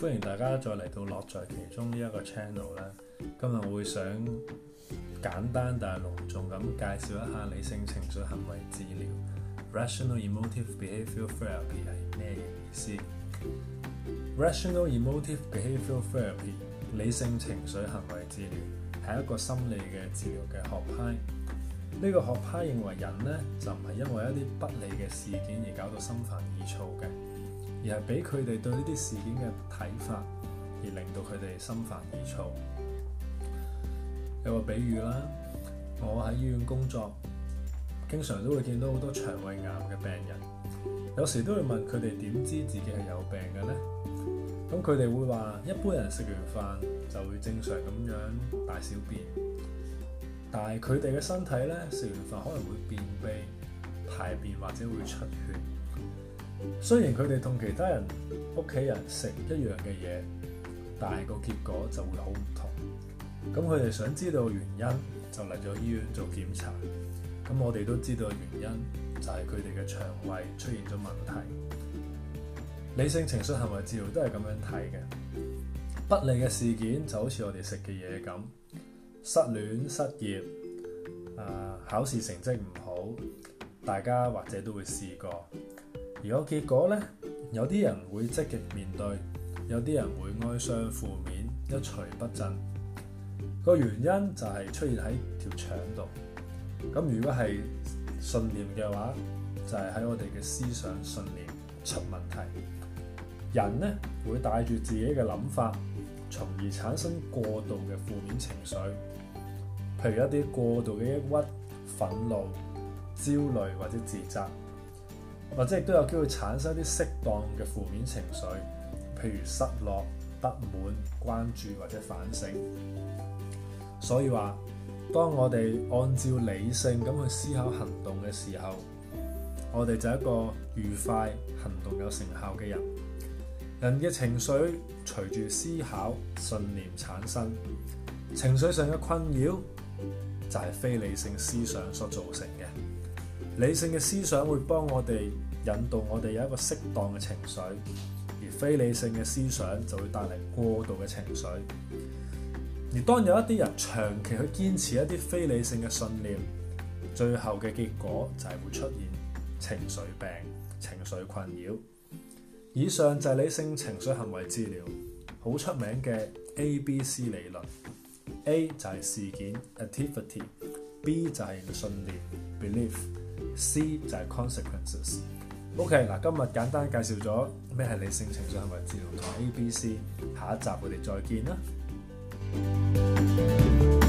歡迎大家再嚟到樂在其中呢一個 channel 咧，今日會想簡單但係隆重咁介紹一下理性情緒行為治療 （Rational Emotive Behaviour Therapy） 係咩意思？Rational Emotive Behaviour Therapy 理性情緒行為治療係一個心理嘅治療嘅學派。呢、這個學派認為人呢，就唔係因為一啲不利嘅事件而搞到心煩意躁嘅。而係俾佢哋對呢啲事件嘅睇法，而令到佢哋心煩意躁。有個比喻啦，我喺醫院工作，經常都會見到好多腸胃癌嘅病人，有時都會問佢哋點知自己係有病嘅呢？咁佢哋會話：一般人食完飯就會正常咁樣大小便，但係佢哋嘅身體咧，食完飯可能會便秘、排便或者會出血。雖然佢哋同其他人屋企人食一樣嘅嘢，但係個結果就會好唔同。咁佢哋想知道原因，就嚟咗醫院做檢查。咁我哋都知道原因，就係佢哋嘅腸胃出現咗問題。理性情緒行為治療都係咁樣睇嘅，不利嘅事件就好似我哋食嘅嘢咁，失戀、失業，考試成績唔好，大家或者都會試過。如果結果咧，有啲人會積極面對，有啲人會哀傷負面，一蹶不振。個原因就係出現喺條腸度。咁如果係信念嘅話，就係喺我哋嘅思想信念出問題。人咧會帶住自己嘅諗法，從而產生過度嘅負面情緒，譬如一啲過度嘅抑鬱、憤怒、焦慮或者自責。或者亦都有機會產生一啲適當嘅負面情緒，譬如失落、不滿、關注或者反省。所以話，當我哋按照理性咁去思考行動嘅時候，我哋就係一個愉快行動有成效嘅人。人嘅情緒隨住思考信念產生，情緒上嘅困擾就係非理性思想所造成嘅。理性嘅思想會幫我哋引導我哋有一個適當嘅情緒，而非理性嘅思想就會帶嚟過度嘅情緒。而當有一啲人長期去堅持一啲非理性嘅信念，最後嘅結果就係會出現情緒病、情緒困擾。以上就係理性情緒行為治療好出名嘅 ABC 理論。A 就係事件 （activity），B 就係信念 （belief）。Believe. C 就係 consequences。OK，嗱，今日簡單介紹咗咩係理性情緒行為治療台 A、B、C，下一集我哋再見啦。